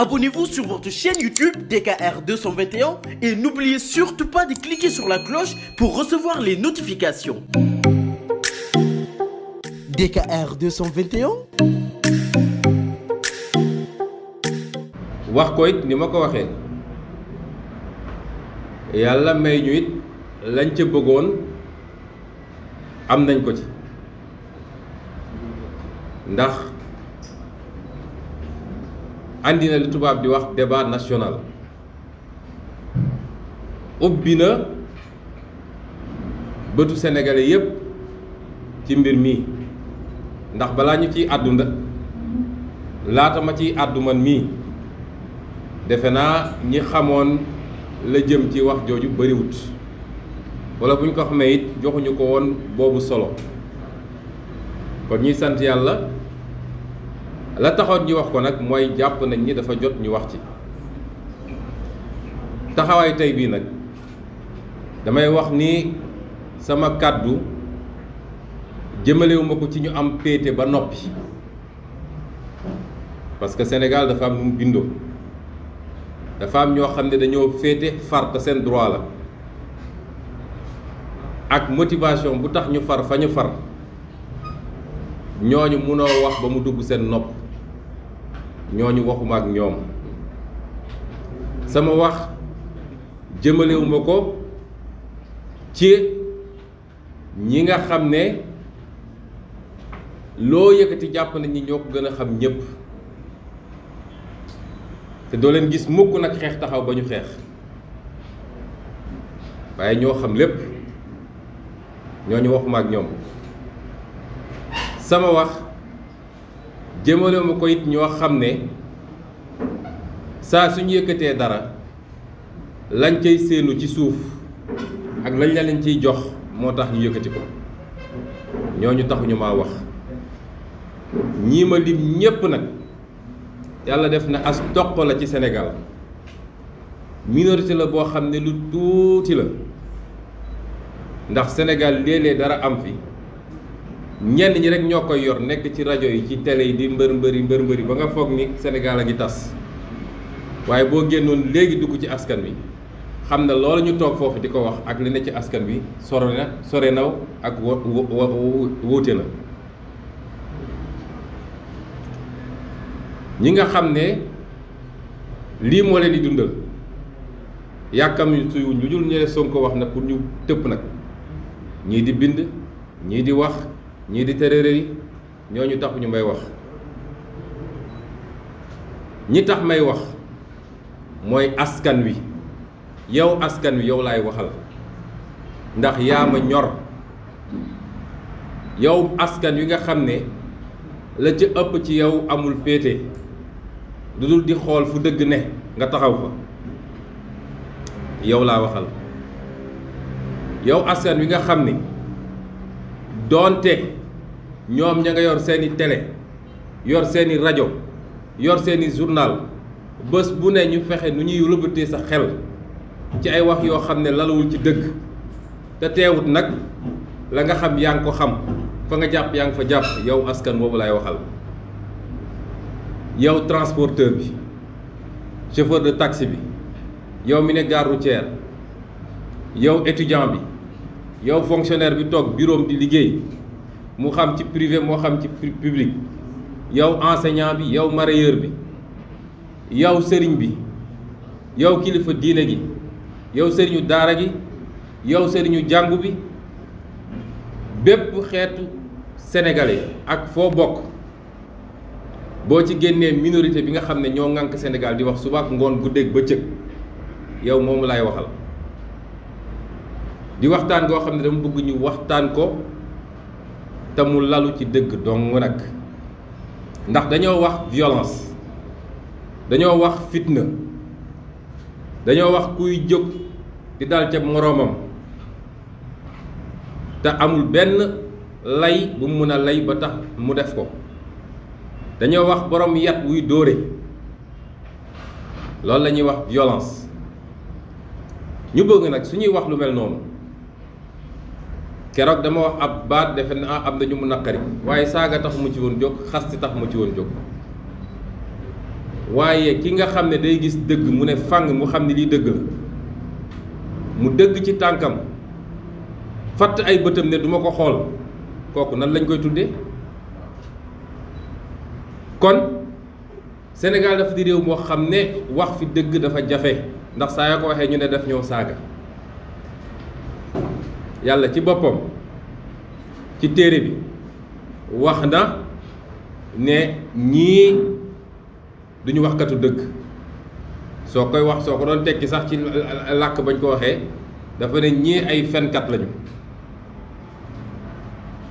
Abonnez-vous sur votre chaîne YouTube DKR 221 et n'oubliez surtout pas de cliquer sur la cloche pour recevoir les notifications. DKR 221. wax ko it ni ma ko waxee yàlla may ñu it lañ ca bëggoon am nañ ko ci ndax. andi na li tubaab di wax débat national ubbi na bëtu sénégalais yépp ci mbir mii ndax balaa ñu ciy àdduna laata ma ciy àdduma man mii defe naa ñi xamoon la jëm ci wax jooju bariwut wala bu ñu ko xamee it joxuñu ko woon boobu solo kon ñuy sant yàlla la taxoon ñu wax ko nag mooy jàpp nañ ni dafa jot ñu wax ci taxawaay tey bii nag damay wax ni sama kàddu jëmalewuma ko ci ñu am péete ba noppi parce que Sénégal dafa am nu mu bindoo dafa am ñoo xam ne dañoo féete far seen droit la ak motivation bu tax ñu far fa ñu far ñooñu mënoo wax ba mu dugg seen nopp ñooñu waxuma ak ñoom sama wax jëmalewuma ko ci ñi nga xam ne loo yëkkati jàpp nañ ñi ñoo ko gën a xam ñépp te doo leen gis mukk nag xeex taxaw ba ñu xeex waaye ñoo xam lépp ñooñu waxuma ak ñoom sama wax jëmale ma ko it ñoo xam ne saa suñu yëkkatee dara lañ cay séenu ci suuf ak lañ la leen ciy jox moo tax ñu yëkkati ko ñooñu taxuñu maa wax ñii ma lim ñépp nag yàlla def na as toq la ci Sénégal minorité la boo xam ne lu tuuti la ndax senegal léeg-léeg dara am fi ñenn ñi rek ñoo koy yor nekk ci rajo yi ci télé yi di mbër mbëri mbër mbëri ba nga foog ni Sénégal a ngi tas waaye boo génnoon léegi dugg ci askan wi xam ne loolu ñu toog foofu di ko wax ak li ne ci askan wi sore na sore naw ak wuute na ñi nga xam ne lii moo leen di dundal yàkkam suyu ñu dul ñëwee Sonko wax na pour ñu tëpp nag ñii di bind ñii di wax ñii di tërëre yi ñooñu tax ñu may wax ñi tax may wax mooy askan wi yow askan wi yow laay waxal ndax yaa ma ñor yow askan wi nga xam ne la ca ëpp ci yow amul féete du dul di xool fu dëgg ne nga taxaw fa yow laa waxal yow askan wi nga xam ne doonte ñoom ña nga yor seeni télé yor seeni rajo yor seeni journal bés bu ne ñu fexe nu ñuy lëbëtee sa xew ci ay wax yoo xam ne lalawul ci dëgg te teewut nag la nga xam yaa ngi ko xam fa nga jàpp yaa ngi fa jàpp yow askan boobu laay waxal yow transporteur bi chauffeur de taxi bi yow mi ne gare routière yow étudiant bi yow fonctionnaire bi toog buroom di liggéey mu xam ci privé moo xam ci public yow enseignant bi yow mareyeur bi yow sëriñ bi yow kilifa diine gi yow sëriñu daara gi yow sëriñu jàngu bi bépp xeetu sénégalais ak foo bokk boo ci génnee minorité bi nga xam ne ñoo ŋànk senegal di wax suba ak ngoon ba bëccëg yow moomu laay waxal di waxtaan goo xam ne dama bëgg ñu waxtaan ko te mu lalu ci dëgg dong nag ndax dañoo wax violence dañoo wax fitna dañoo wax kuy jóg di dal ca moroomam te amul benn lay bu mu mën a lay ba tax mu def ko dañoo wax borom yat wuy dóore loolu la ñuy wax violence ñu bëgg nag su ñuy wax lu mel noonu keroog dama wax ab baat defe naa am na ñu mu naqari waaye saaga tax mu ci woon jóg xasti tax mu ci woon jóg waaye ki nga xam ne day gis dëgg mu ne fang mu xam ne lii dëgg la mu dëgg ci tànkam fatt ay bëtam ne duma ko xool kooku nag lañ koy tudde kon senegal dafa di réew moo xam ne wax fi dëgg dafa jafe ndax saa nga ko waxee ñu ne def ñoo saaga yàlla ci boppam ci téere bi wax na ne ñii duñu waxkatu dëgg soo koy wax soo ko doon tekki sax ci làkk bañ ko waxee dafa ne ñii ay fenkat lañu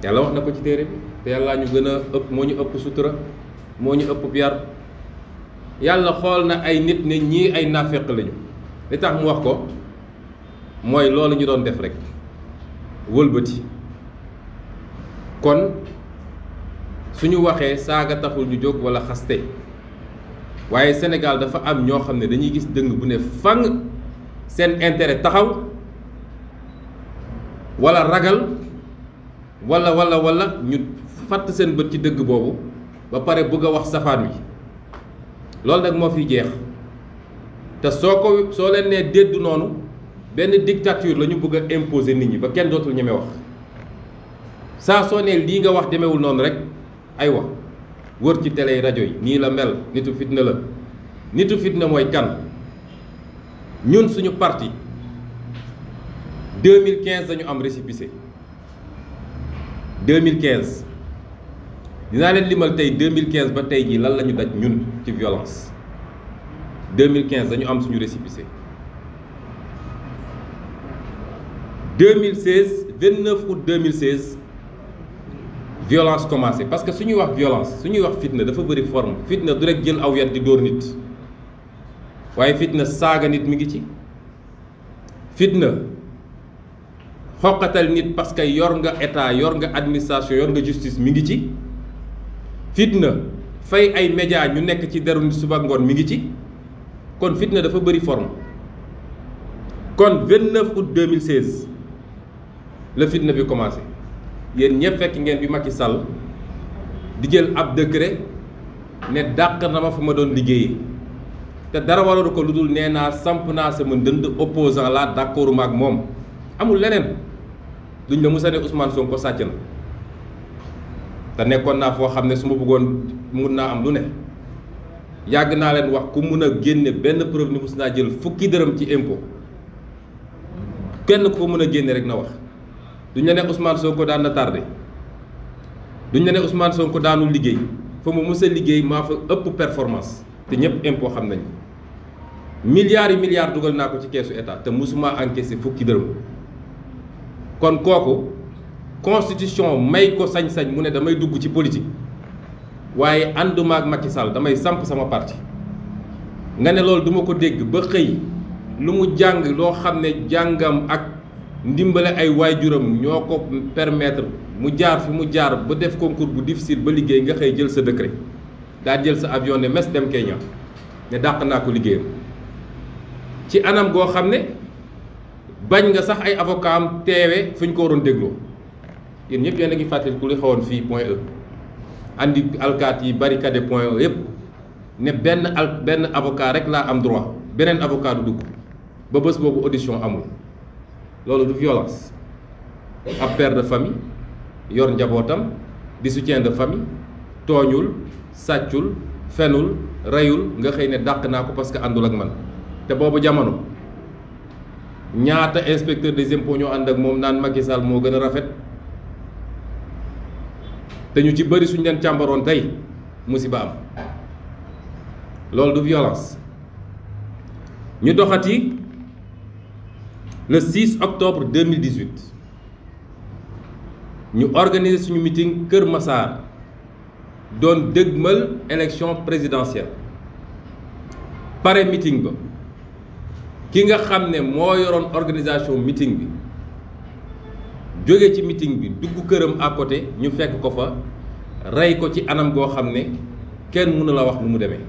yàlla wax na ko ci téere bi te yàlla ñu gën a ëpp moo ñu ëpp sutura moo ñu ëpp yar yàlla xool na ay nit ne ñii ay naafeq lañu li tax mu wax ko mooy loolu ñu doon def rekk wëlbati kon suñu waxee saaga taxul ñu jóg walla xaste waaye Sénégal dafa am ñoo xam ne dañuy gis dëng bu ne fang seen intérêt taxaw walla ragal walla walla walla ñu fàtt seen bët ci dëgg boobu ba pare bëgg a wax safaan wi loolu de moo fi jeex te soo ko soo leen nee déddu noonu benn dictature la ñu bëgg a imposer nit ñi ba kenn dootul ñeme wax saa soo nee lii nga wax demewul noonu rek ay wax wër ci télé rajo yi nii la mel nitu fitna la nitu fitna mooy kan ñun suñu parti 2015 dañu am récépissé 2015 dinaa leen limal tey 2015 ba tey jii lan la ñu daj ñun ci violence 2015 dañu am suñu récépissé. 2016 29 août 2016 violence commencé parce que su ñuy wax violence su ñuy wax fitna dafa bëri form fitna du rek jël aw yat di dóor nit waaye fitna saaga nit mi ngi ci fitna xoqatal nit parce que yor nga état yor nga administration yor nga justice mi ngi ci fitna fay ay média ñu nekk ci deru nit suba ngoon mi ngi ci kon fitna dafa bëri forme kon 29 août 2016. la fitna bi commencé yéen ñëpp fekk ngeen bi Macky Sall di jël ab décret ne dàq na ma fa ma doon liggéeyee te dara waralu ko lu dul nee naa samp naa sama ndënd opposant laa d'accordu ma ak moom amul leneen duñ la musa ne Ousmane Sonko sàcc na te nekkoon naa foo xam ne su ma bëggoon mun naa am lu ne yàgg naa leen wax ku mun a génne benn preuve ni mus naa jël fukki dërëm ci impôt kenn ku ko mun a génne rek na wax duñ la ne Ousmane Sonko daan na tardé duñ la ne Ousmane daanu liggéey fa mu mës liggéey maa fa ëpp performance te ñëpp impôt xam nañu milliards yi milliards dugal naa ko ci keesu état te mosuma encaissé fukki dërëm kon kooku constitution may ko sañ-sañ mu ne damay dugg ci politique waaye àndumaak ak Macky damay samp sama parti nga ne loolu duma ko dégg ba xëy lu mu jàng loo xam ne jàngam ak. ndimbale ay waay waajuram ñoo ko permettre mu jaar fu mu jaar ba def concours bu difficile ba liggéey nga xëy jël sa décret daa jël sa avion ne mes dem Kenya ne dàq naa ko liggéeyam ci anam goo xam ne bañ nga sax ay avocat am teewe fu ñu ko waroon dégloo yéen ñëpp yenn a ngi fàttaliku li xawoon fi point E andi alkaat yi barricade point E yëpp ne benn al benn avocat rek laa am droit beneen avocat du dugg ba bés boobu audition amul loolu du violence ab père de famille yor njabootam di soutien de famille tooñul sàccul fenul reyul nga xëy ne dàq naa ko parce que àndul ak man te boobu jamono ñaata inspecteur des impôts ñoo ànd ak moom naan Macky Sall moo gën a rafet te ñu ci bëri suñ leen càmbaroon tey musiba am loolu du violence ñu doxati le 6 octobre 2018 ñu organiser suñu mitin Kër Massar doon dëgmal élection présidentielle pare mitin ba ki nga xam ne moo yoroon organisation mitin bi jóge ci mitin bi dugg këram à côté ñu fekk ko fa rey ko ci anam goo xam ne kenn mënu la wax lu mu demee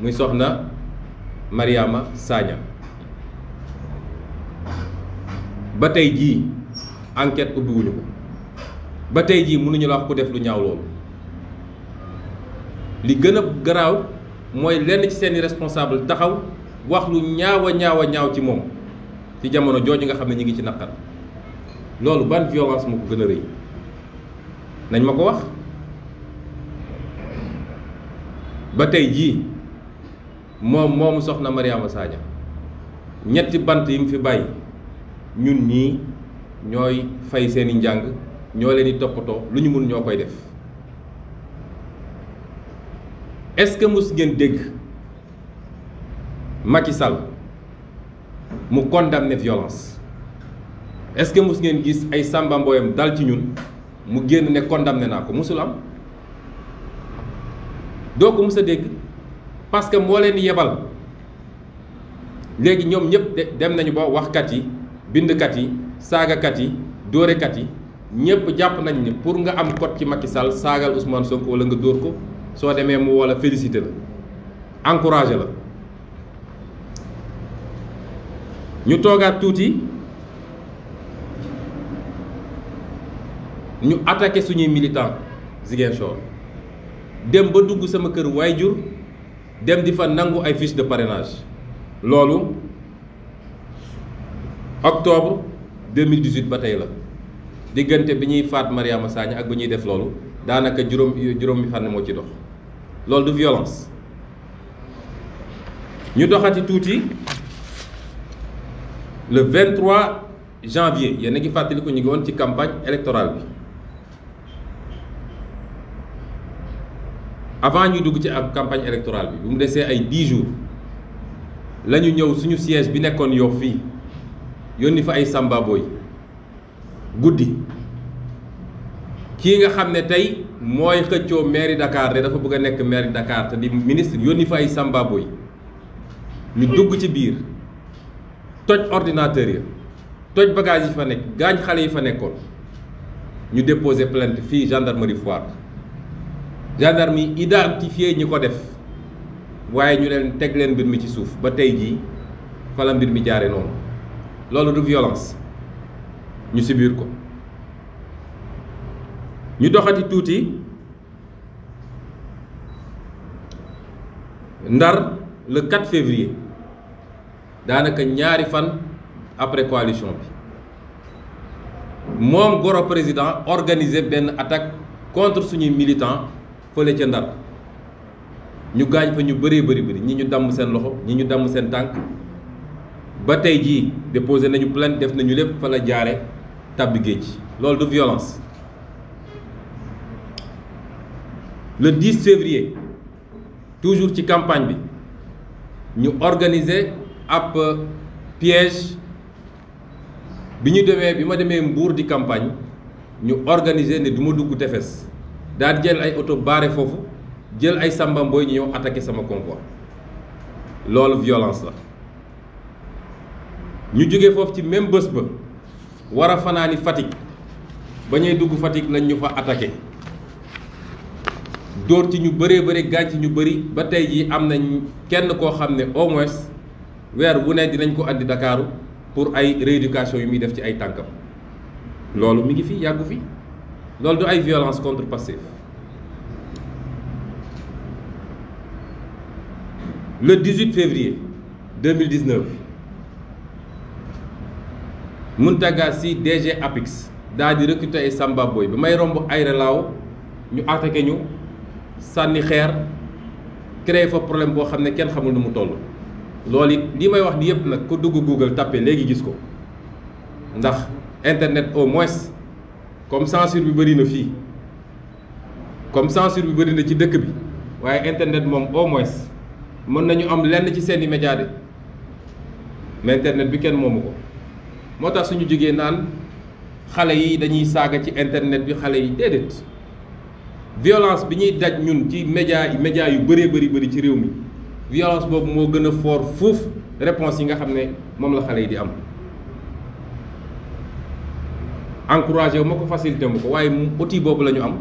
muy soxna Mariama Sagna ba tey jii enquête ubbiwuñu ko ba tey jii mënuñu la wax ku def lu ñaaw loolu li gën a garaaw mooy lenn ci seeni responsable taxaw wax lu ñaaw ñaaw ñaaw ci moom ci jamono jooju nga xam ne ñu ngi ci naqar loolu ban violence moo ko gën a rëy nañ ma ko wax ba tey jii moom moomu soxna Mariama Sagna ñetti bant yi mu fi bàyyi ñun ñii ñooy fay seeni njàng ñoo leen di toppatoo lu ñu mun ñoo koy def est-ce que mos ngeen dégg Macky Sall mu condamné violence est-ce que mos ngeen gis ay Samba Mboyam dal ci ñun mu génn ne condamné naa ko mosul am doo ko mos dégg parce que moo leen yebal léegi ñoom ñëpp dem nañu ba waxkat yi. bindkat yi saagakat yi dóorekat yi ñëpp jàpp nañ ne pour nga am code ci Macky Sall saagal Ousmane Sonko wala nga dóor ko soo demee mu wala félicité la encouragé la ñu toogaat tuuti ñu attaqué suñuy militant Ziguinchor dem ba dugg sama kër waayjur dem di fa nangu ay fiche de parrainage loolu octobre 2018 ba tey la diggante bi ñuy faat Mariama Sagna ak bi ñuy def loolu daanaka juróom juróomi fànn moo ci dox loolu du violence ñu doxati tuuti le 23 janvier yéen a ngi fàttaliku ñu ngi woon ci campagne électorale bi avant ñu dugg ci ab campagne électorale bi bu mu desee ay 10 jours la ñu ñëw suñu siège bi nekkoon yow fii yónni fa ay sàmbaaboo yi guddi kii nga xam ne tey mooy xëccoo mairie Dakar de dafa bëgg a nekk mairie Dakar te di ministre yónni fa ay sàmbaaboo yi ñu dugg ci biir toj ordinateur yi toj bagage yi fa nekk gaañ xale yi fa nekkoon ñu déposé plainte fii gendarmerie Foire ci identifié ñi ko def waaye ñu leen teg leen mbir mi ci suuf ba tey jii fala mbir mi jaare noonu loolu du violence ñu subir ko ñu doxati tuuti ndar le 4 février daanaka ñaari fan après coalition bi moom goro président organiser benn attaque contre suñuy militant fële ca ndar ñu gaañ fa ñu bëree bëri bëri ñi ñu damm seen loxo ñi ñu damm seen tànk ba tey jii déposé nañu plainte def nañu lépp fa jaare tàbbi géej loolu du violence le 10 février toujours ci campagne bi ñu organise ab euh, piège bi ñu demee bi ma demee Mbour di campagne ñu organiser ne du ma dugg tefes daal jël ay oto baare foofu jël ay sambamboy ñu ñëw attaqué sama convoi loolu violence la ñu jóge foofu ci même bés ba war a fanaani Fatick ba ñuy dugg Fatick nañ ñu fa attaqué dóor ci ñu bëree bëri gaañ ci ñu bëri ba tey jii am nañ kenn koo xam ne au moins weer wu ne dinañ ko andi Dakaaru pour ay rééducation yu muy def ci ay tànkam loolu mi ngi fi yàggu fi loolu du ay violence contre Pastef le 18 février 2019 mun Mountaga Sy DG APIX daal di recruter ay Samba booy bi may romb Aéré Lao ñu attaqué ñu sànni xeer créé fa problème boo xam ne kenn xamul nu mu toll. loolu it li may wax ni yëpp nag ko dugg Google tapé léegi gis ko ndax internet au moins comme censure bi bëri na fii comme censure bi bëri na ci dëkk bi waaye internet moom au moins mën nañu am lenn ci seeni média de mais internet bi kenn moomu ko. moo tax suñu jógee naan xale yi dañuy saaga ci internet bi xale yi déedéet violence bi ñuy daj ñun ci média yi média yu bëree bari bari ci réew mi violence boobu moo gën a foor fuuf réponse yi nga xam ne moom la xale yi di am encouragé wu ma ko facilité mu ko waaye outil boobu la ñu am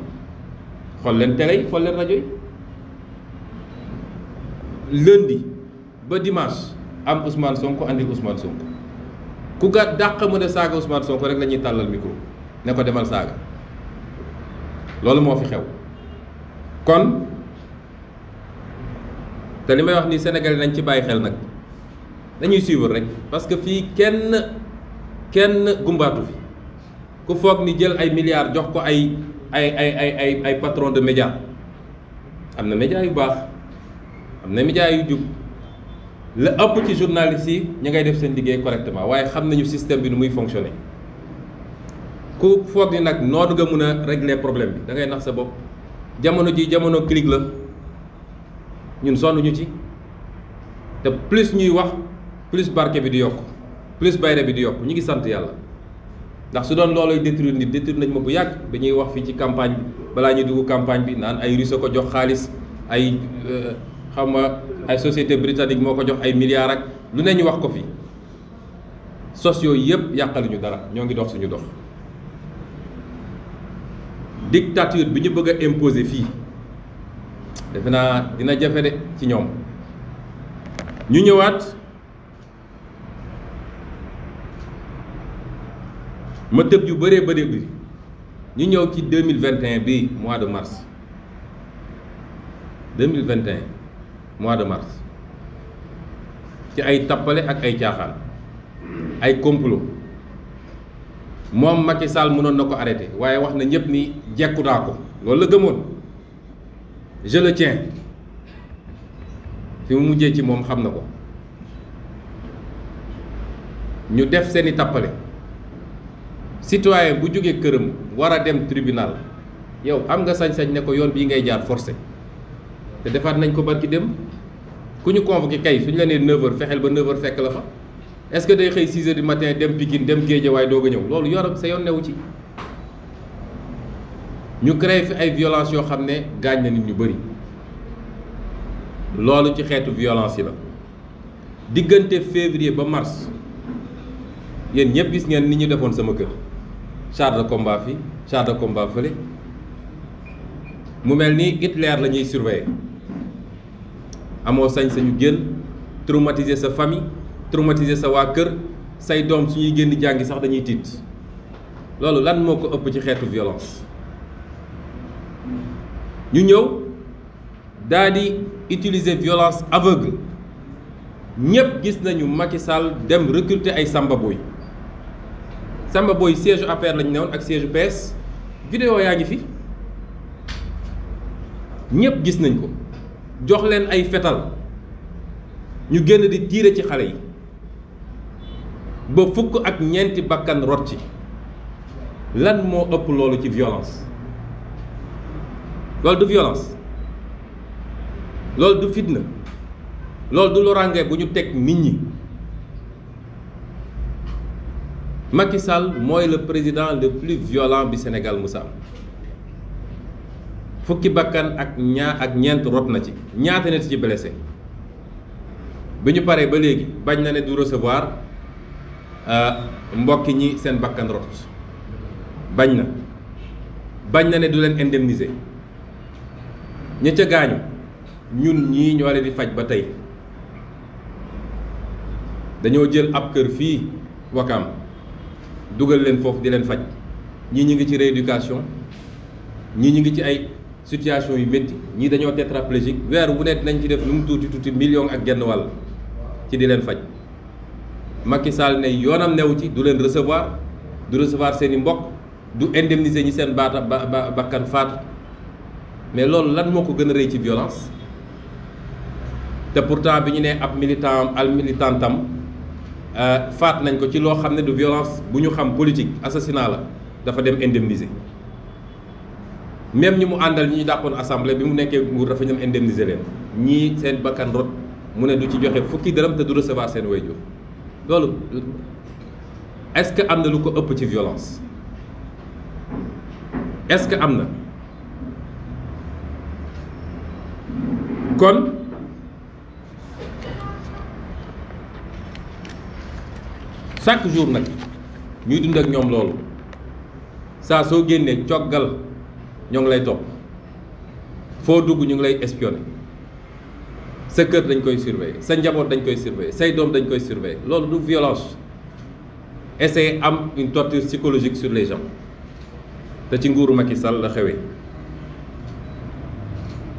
xool leen télé yi xool leen rajo yi lundi ba dimanche am Ousmane Sonko andi Ousmane Sonko ku ga dàq mën a saaga Ousmane Sonko rek la ñuy tàllal micro ne ko demal saaga loolu moo fi xew kon te li may wax ni Sénégal nañ ci bàyyi xel nag dañuy suivre rek parce que fii kenn kenn gumbaatu fi ku foog ni jël ay milliards jox ko ay ay ay ay ay ay patron de média am na média yu baax am na média yu jub la ëpp ci journaliste yi ñu ngay def seen liggéey correctement waaye xam nañu système bi nu muy fonctionner ku foog ni nag noonu nga mun a régler problème bi dangay nax sa bopp jamono ji jamono clic la ñun sonn ñu ci te plus ñuy wax plus barke bi di yokk plus bayre bi di yokk ñu ngi sant yàlla ndax su doon looloy détruire nit détruire nañ ma bu yàgg dañuy wax fii ci campagne bi balaa ñu dugg campagne bi naan ay russe ko jox xaalis ay euh, xaw ma ay société britannique moo ko jox ay milliards ak lu ne ñu wax ko fi sos yooyu yëpp yàqaluñu dara ñoo ngi dox suñu dox dictature bi ñu bëgg a fii defe naa dina jafe de ci ñoom ñu ñëwaat ma tëb yu bëree bëri bi ñu ñëw ci deux mille vingt et un bi mois de mars deux mille vingt et un mois de mars ci ay tappale ak ay caaxaan ay complot moom Macky Sall mënoon na ko arrêté waaye wax na ñëpp ni jekku naa ko loolu la gëmoon je ci moom xam na ko ñu def seeni tappale citoyen bu jógee këram war a dem tribunal yow am nga sañ-sañ ne ko yoon bii ngay jaar forcé te defaat nañ ko barki dem ku ñu convoqué kay suñu la nee 9 fexeel ba 9 fekk la fa est-ce que day xëy 6h du matin dem Pikine dem Guédiawaye doog a ñëw loolu yoram sa yoon newu ci ñu créé fi ay violence yoo xam ne gaañ na nit ñu bëri loolu ci xeetu violence yi la diggante février ba mars yéen ñëpp gis ngeen ni ñu defoon sama kër char de combat fi char combat fële mu mel ni Hitler la ñuy surveiller amoo sañ-sañu génn traumatiser sa famille traumatiser sa waa kër say doom su ñuy génn jàngi sax dañuy tiit loolu lan moo ko ëpp ci xeetu violence ñu ñëw daa di utiliser violence aveugle ñépp gis nañu Macky Sall dem recruter ay Samba Boy Samba Boy siège APR lañu newoon ak siège PS vidéo yaa ngi fi ñépp gis nañ ko jox leen ay fetal ñu génn di tiire ci xale yi ba fukk ak ñeenti bakkan rot lan moo ëpp loolu ci violence lool du violence loolu du fitna loolu du loraange bu ñu teg nit ñi Macky Sall mooy le président le plus violent bi senegal musa fukki bakkan ak ñaa ak ñeent rot na ci ñaata nit ci blessé bi ñu paree ba léegi bañ na ne du recevoir euh, mbokk ñi seen bakkan rotut bañ na bañ na ne du leen indemniser ña ca gaañu ñun ñii ñoo leen di faj ba tey dañoo jël ab kër fii wakam dugal leen foofu di leen faj ñi ñu ngi ci rééducation ñi ñu ngi ci ay situation yu métti ñii dañoo tétraplégique weer wu ne dinañ ci def lu mu tuuti tuuti million ak genn wàll ci di leen faj Macky Sall ne yoonam new ci du leen recevoir du recevoir seen i mbokk du indemniser ñi seen baata ba bakkan faatu mais loolu lan moo ko gën a rëy ci violence te pourtant bi ñu nee ab militant al militantam euh, faat nañ ko ci loo xam ne du violence bu ñu xam politique assassinat la dafa dem indemniser même ñi mu àndal ñi ñu dàppoon assemblée bi mu nekkee nguur dafa ñoom indemniser leen ñii seen bakkan rot mu ne du ci joxe fukki dërëm te du recevoir seen wayjur loolu est-ce que am na lu ko ëpp ci violence est-ce que am na kon chaque jour nag ñuy dund ak ñoom loolu saa soo génnee coggal ñoo ngi lay topp foo dugg ñu ngi lay espionné sa kër dañ koy surveiller sa njaboot dañ koy surveiller say doom dañ koy surveiller loolu du violence essayer am une torture psychologique sur les gens te ci nguuru Macky Sall la xewee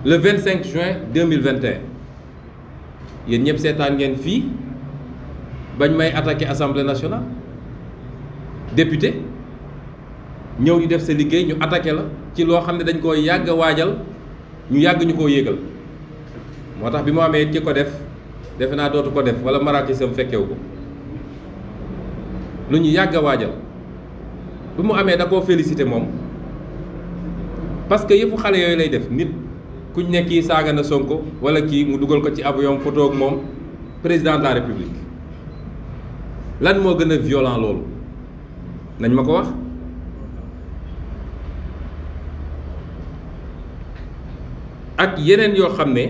le 25 juin 2021 yéen ñëpp seetaan ngeen fii bañ may attaqué assemblée nationale député ñëw di def sa liggéey ñu attaqué la. ci loo xam ne dañ ko yàgg waajal ñu yàgg ñu koo yéegal moo tax bi mu amee ki ko def defe naa dootu ko def wala maraakisam fekkewu ko lu ñu yàgg a waajal bi mu amee da koo félicité moom parce que yëfu xale yooyu lay def nit kuñ ne kii saaga na Sonko wala kii mu dugal ko ci avion photo ak moom président la république lan moo gën a violent loolu nañ ma ko wax ak yeneen yoo xam ne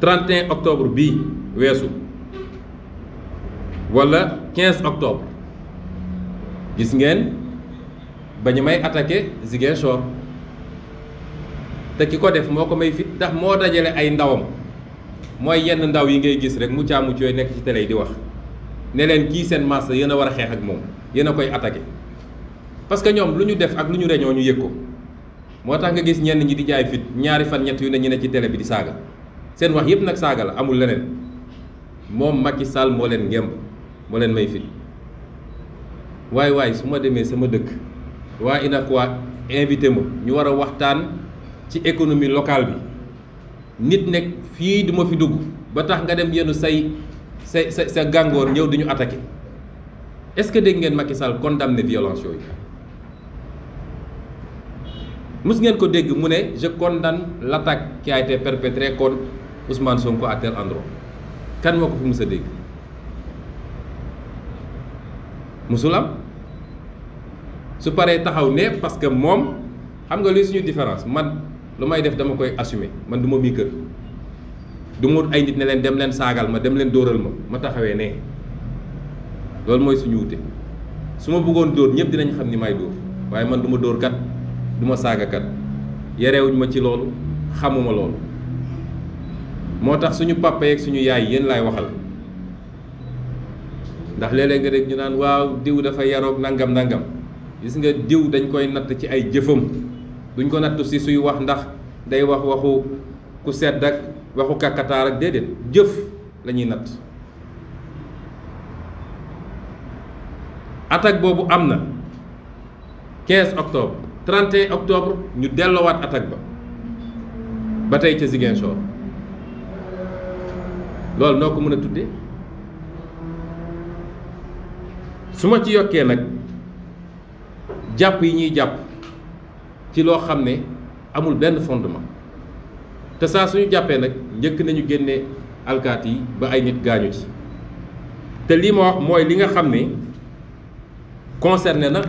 31 octobre bii weesu wala 15 octobre gis ngeen ba ñu may attaqué Ziguinchor te ki ko def moo ko may fit ndax moo dajale ay ndawam mooy yenn ndaw yi ngay gis rek mu caamu cooy nekk ci télé yi di wax ne leen kii seen masse yéen a war a xeex ak moom yéen a koy attaqué parce que ñoom lu ñu def ak lu ñu reñoo ñu yég ko moo tax nga gis ñenn ñi di jaay fit ñaari fan ñett yu ne ñu ne ci télé bi di saaga seen wax yëpp nag saaga la amul leneen moom Macky Sall moo leen ngemb moo leen may fit waay waay su ma demee sama dëkk waa UNACOIS invité ma ñu war a waxtaan ci économie locale bi nit nekk fii duma fi dugg ba tax nga dem yenu say sa sa sa gàngoor ñëw di ñu attaqué est-ce que dégg ngeen Macky Sall condamné violence yooyu mus ngeen ko dégg mu ne je condamne l' attaque qui a été perpétrée contre Ousmane Sonko à kan moo ko fi mus a dégg musul am su paree taxaw ne parce que moom xam nga luy suñu différence man lu may def dama koy assumer man du ma mii kër du mu ay nit ne leen dem leen saagal ma dem leen dóoral ma ma taxawee ne loolu mooy suñu wute su ma bëggoon dóor ñëpp dinañ xam ni may dóor waaye man du dóor kat. du ma saagakat yarewuñ ma ci loolu xamuma loolu moo tax suñu papa yeeg suñu yaay yéen laay waxal ndax léeg nga dégg ñu naan waaw diw dafa yaroog nangam nangam gis nga diw dañ koy natt ci ay jëfam duñ ko natt si suy wax ndax day wax waxu ku sedd ak waxu kàkkataar ak déedéet jëf lañuy ñuy natt attaque boobu am na 15 octobre 31 octobre ñu delloowaat attaque ba ba tey ca Ziguinchor loolu noo ko mën a tuddee su ma ci yokkee nag jàpp yi ñuy jàpp ci loo xam ne amul benn fondement te saa suñu jàppee nag njëkk nañu génne alkaati yi ba ay nit gaañu ci te lii ma wax mooy li nga xam ne concerné na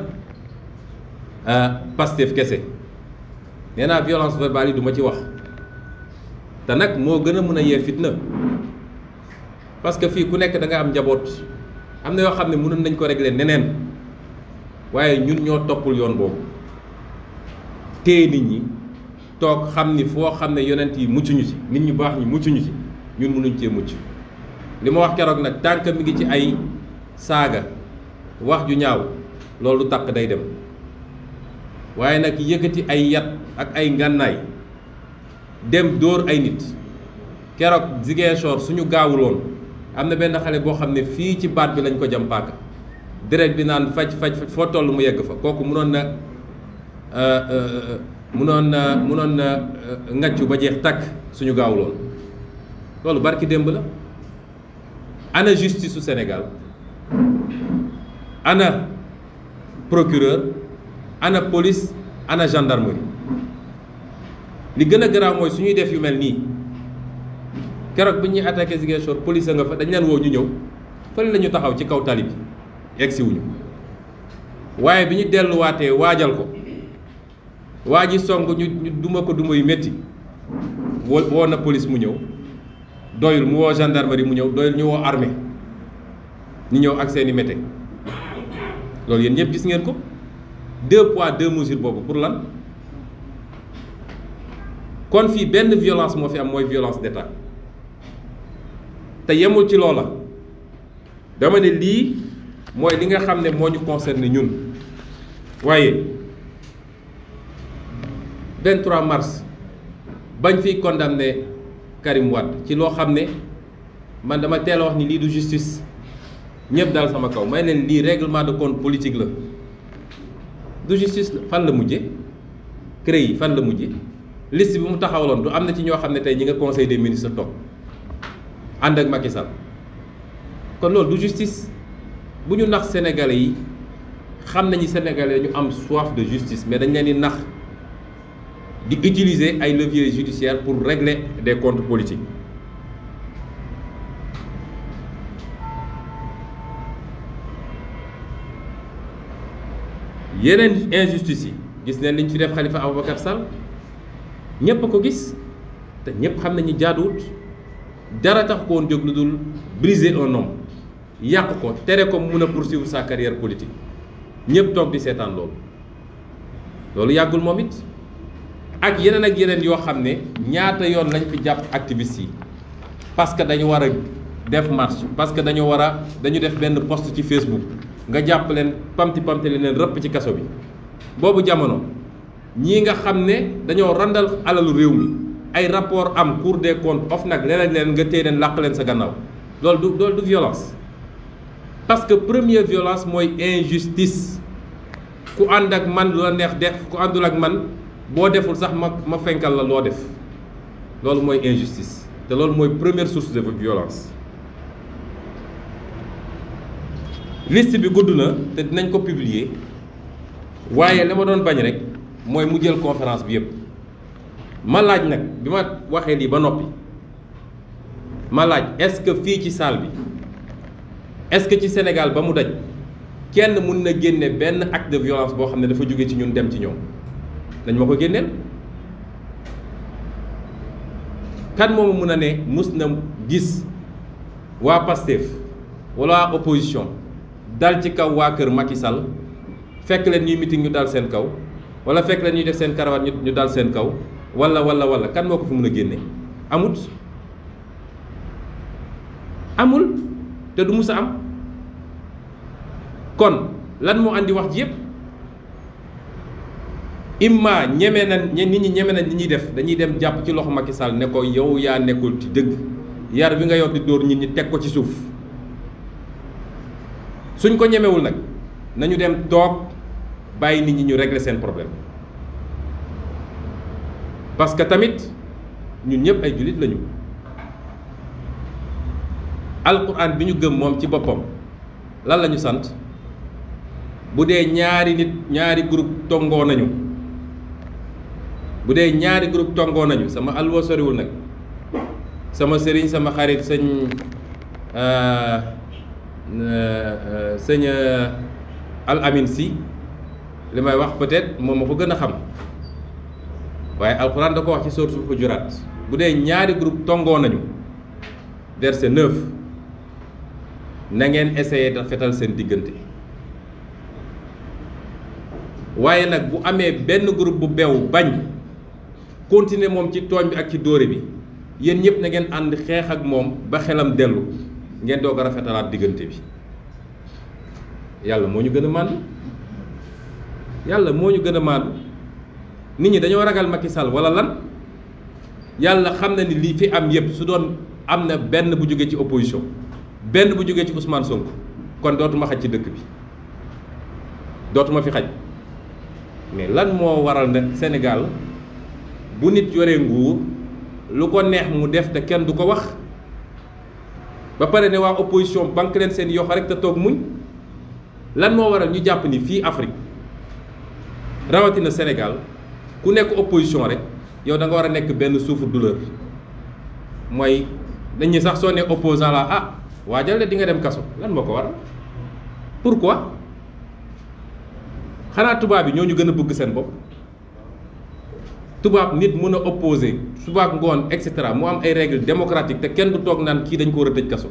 Euh, Pastef kese nee naa violence verbale yi duma ma ci wax te nag moo gën a mun a yee fitna parce que fii ku nekk da am njaboot am na yoo xam ne mënoon nañ ko régler neneen waaye ñun ñoo toppul yoon boobu téye nit ñi toog xam ni foo xam ne yonent yi muccuñu ci nit ñu baax ñi muccuñu ci ñun mënuñ cee mucc li ma wax keroog nag tànk mi ngi ci ay saaga wax ju ñaaw loolu takk day dem waaye nag yëkkati ay yat ak ay ngànnaay dem dóor ay nit keroog Ziguinchor suñu gaawuloon am na benn xale boo xam ne fii ci baat bi lañ ko jam paaka deret bi naan faj faj faj foo toll mu yegg fa kooku munoon na euh, euh, munoon na munoon na euh, ngaccu ba jeex takk suñu gaawuloon loolu barki démb la ana justice su Sénégal ana procureur ana polis ana gendarmerie li gën a garaaw mooy su ñuy def yu mel nii keroog bi ñuy attaqué Ziguinchor police a nga fa dañ leen woo ñu ñëw fële la ñu taxaw ci kaw tali bi egg si wuñu waaye bi ñu delluwaatee waajal ko waa ji song ñu duma ko duma yu métti woo woo na police mu ñëw doyul mu woo gendarmerie mu ñëw doyul ñu woo armée ñu ñëw ak seeni mété loolu yéen ñëpp gis ngeen ko. deux poids deux mesures boobu pour lan kon fii benn violence moo fi am mooy violence d'état te yemul ci loola dama ne lii mooy li nga xam ne moo ñu concerné ñun waaye 23 mars bañ fii fiy condamné Karim Wade ci loo xam ne man dama teel a wax ni lii du justice ñëpp dal sama kaw may leen lii règlement de compte politique la de justice fan la mujje CREI yi fan la mujje liste bi mu taxawaloon du am na ci ñoo xam ne tey ñi nga conseil des ministres toog ànd ak Macky Sall kon loolu du justice bu ñu nax sénégalais yi xam nañu sénégalais ñu am soif de justice mais dañ leen di nax di utiliser ay leviers judiciaires pour régler des contre politiques yeneen injustice yi gis nañ li ñu fi def Khalifa Ababacar Sall ñépp a ko gis te ñépp xam nañu jaaduwut dara tax ko woon jóg lu dul briser un homme yàq ko tere ko mun a poursuivre sa carrière politique ñépp toog di seetaan loolu loolu yàggul moom it ak yeneen ak yeneen yoo xam ne ñaata yoon lañ fi jàpp activistes yi parce que dañu war a def marche parce que dañu war a dañu def benn post ci Facebook nga jàpp leen pamti pamti leen rëpp ci kaso bi boobu jamono ñii nga xam ne dañoo randal alalu réew mi ay rapport am cour des comptes of nag leneen leen nga tey leen làq leen sa gannaaw loolu du loolu du violence parce que première violence mooy injustice ku ànd ak man lu la neex def ku àndul ak man boo deful sax ma ma fenkal la loo def loolu mooy injustice te loolu mooy première source de violence liste bi gudd na te dinañ ko publier waaye li ma doon bañ rek mooy mu jël conférence bi yëpp ma laaj nag bi ma waxee lii ba noppi ma laaj est-ce que fii ci salle bi est-ce que ci Sénégal ba mu daj kenn mun na génne benn acte de violence boo xam ne dafa jóge ci ñun dem ci ñoom dañ ma ko génneel kan moomu mun a ne mus na gis waa Pastef wala waa opposition dal ci kaw waa kër Macky Sall fekk leen ñuy meeting ñu dal seen kaw wala fekk leen ñuy def seen karawaat ñu dal seen kaw wala wala wala kan moo ko fi mën a génne amut amul te du mus am kon lan moo andi wax ji yépp imma ñeme na nit ñi ñeme na nit ñuy def dañuy dem jàpp ci loxo Macky Sall ne ko yow yaa nekkul ci dëgg yar bi nga yor di dóor nit ñi teg ko ci suuf suñ ko ñemewul nag nañu dem toog bàyyi nit ñi ñu régler seen problème parce que tamit ñun ñëpp ay jullit lañu alquran bi ñu gëm moom ci boppam lan lañu sant bu dee ñaari nit ñaari group tongoo nañu bu dee ñaari group tongoo nañu sama alwa soriwul nag sama sëriñ sama xarit sëñ euh, Euh, euh, sëñ euh, Al si li may wax peut-être moom ma ko gën a xam waaye alxuraan da ko wax ci sourate Hujurat bu dee ñaari groupe tongoo nañu verset 9 na ngeen essayer da seen diggante waaye nag bu amee benn groupe bu beew bañ continuer moom ci tooñ bi ak ci dóore bi yéen ñëpp na ngeen ànd xeex ak moom ba xelam dellu ngeen doog a rafetalaat diggante bi yàlla moo ñu gën a màndu yàlla moo ñu gën a màndu nit ñi dañoo ragal ma ki sal wala lan yàlla xam na ni lii fi am yépp su doon am na benn bu jógee ci opposition benn bu jógee ci Ousmane sonk kon dootuma xaj ci dëkk bi dootuma fi xaj mais lan moo waral na Sénégal bu nit yoree nguur lu ko neex mu def te kenn du ko wax ba pare ne waa opposition banque leen seen yoxo rek te toog muñ lan moo waral ñu jàpp ni fii Afrique rawatina Sénégal ku nekk opposition rek yow da nga war a nekk benn souffre-douleur mooy dañuy sax soo ne opposant la ah waa de di nga dem kaso lan moo ko waral pourquoi xanaa tubaab bi ñoo ñu gën a bëgg seen bopp. tubaab nit mën a opposé subaak ngoon et cetera mu am ay règles démocratiques te kenn du toog naan kii dañu ko war a tëj kaso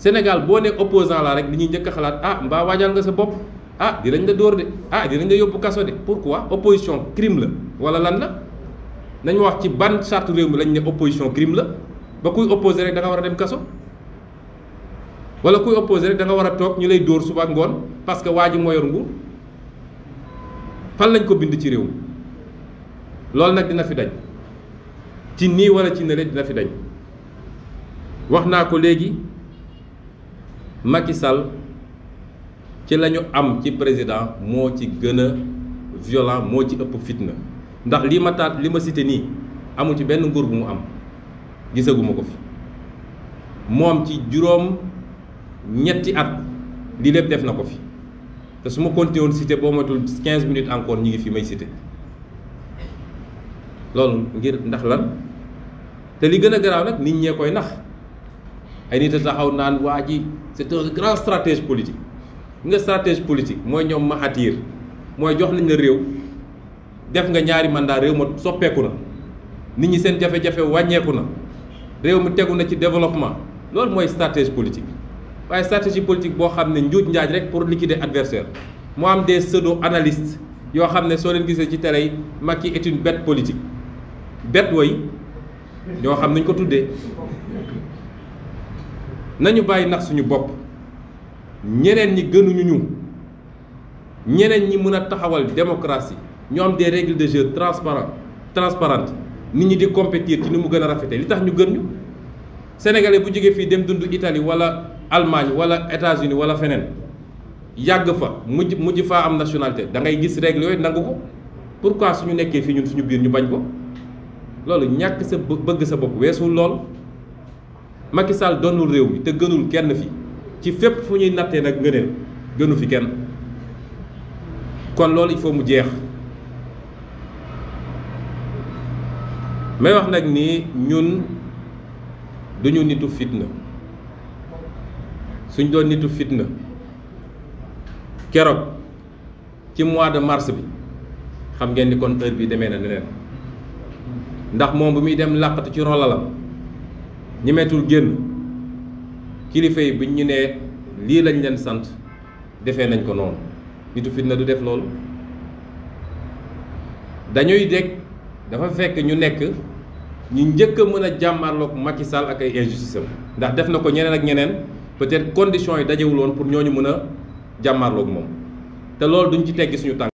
Sénégal boo ne opposant la rek li ñuy njëkk a xalaat ah mbaa waajal nga sa bopp ah dinañ la dóor de ah dinañ la yóbbu kaso de pourquoi opposition crime la wala lan la nañ wax ci ban charte réew lañ ne opposition crime la ba kuy opposé rek danga war a dem kaso wala kuy opposé rek da nga war a toog ñu lay dóor subaak ngoon parce que waa ji moo yor nguur fan lañ ko bind ci réew loolu nag dina fi dañ ci nii wala ci nële dina fi dañ wax naa ko léegi Macky sal ci lañu am ci président moo ci gëna a violent moo ci ëpp fitna ndax lii ma taat li ma site nii amul ci benn nguur bu mu am gisaguma ko fi moom ci juróom ñetti at lii lépp def na ko fi te su ma continué woon boo matul 15 minute encore ñi ngi fi may cité loolu ngir ndax lan te li gën a garaaw nag nit ñee koy nax ay nit a taxaw naan waa ji c'est un grand stratége politique nga stratège politique mooy ñoom ma attiir mooy jox nañ la réew def nga ñaari mandat réew ma soppeeku na nit ñi seen jafe-jafe wàññeeku na réew mi tegu na ci développement loolu mooy stratége politique waaye stratégie politique boo xam ne njuuj njaaj rek pour liquider adversaire moo am des pseudo analystes yoo xam ne soo leen gisee ci télé yi ma est une bête politique bet way ñoo xam nañ ko tuddee nañu bàyyi nax suñu bopp ñeneen ñi gënuñu ñu ñeneen ñi mën a taxawal démocratie ñu am de règles de jeu transparent transparentes nit ñi di compétir ci ni mu gën a rafetee li tax ñu gën ñu sénégalais bu jógee fii dem dundu itali wala Allemagne wala États-Unis wala feneen yàgg fa mujj mujj faa am nationalité da ngay gis règles yooyu nangu ko pourquoi suñu nekkee fii ñun suñu biir ñu bañ ko. loolu ñàkk sa bëgg sa bopp weesul lool Macky Sall doonul réew mi te gënul kenn fi ci fépp fu ñuy nattee nag ngëneel gënu fi kenn kon loolu il faut mu jeex may wax nag ni ñun duñu nitu fitna suñ doon nitu fitna keroog ci mois de mars bi xam ngeen ni kon heure bi demee na neneen ndax moom bu muy dem làqatu ci rolalam ñemeetul génn kilifa yi buñ ñu nee lii lañ leen sant defee nañ ko noonu nitu fitna du def loolu dañuy dégg dafa fekk ñu nekk ñu njëkk a mën a jàmmarloog Macky Sall ak ay injustice ndax def na ko ñeneen ak ñeneen peut-être conditions yi dajewul woon pour ñooñu mën a jàmmarloog moom te loolu duñ ci teggi suñu tànk.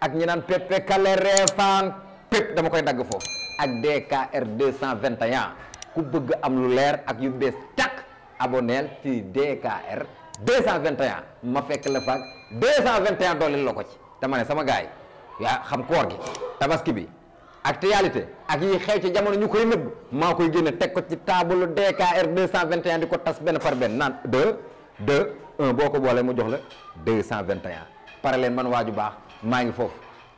ak ñi pepe kale reefaan pépp dama koy dagg foofu ak DKR 221 ku bëgg am lu leer ak yu bees tàkk aboneel ci DKR 221 ma fekk la faag 221 dooleel la ko ci dama ne sama gaay yaa xam koor gi tabaski bi ak te actualité ak yi xew ci jamono ñu koy nëbb maa koy génne teg ko ci taabalu DKR 221 di ko tas benn par benn naan 2 de 1 boo ko boolee mu jox la 221 pare leen man waaju baax maa ngi foofu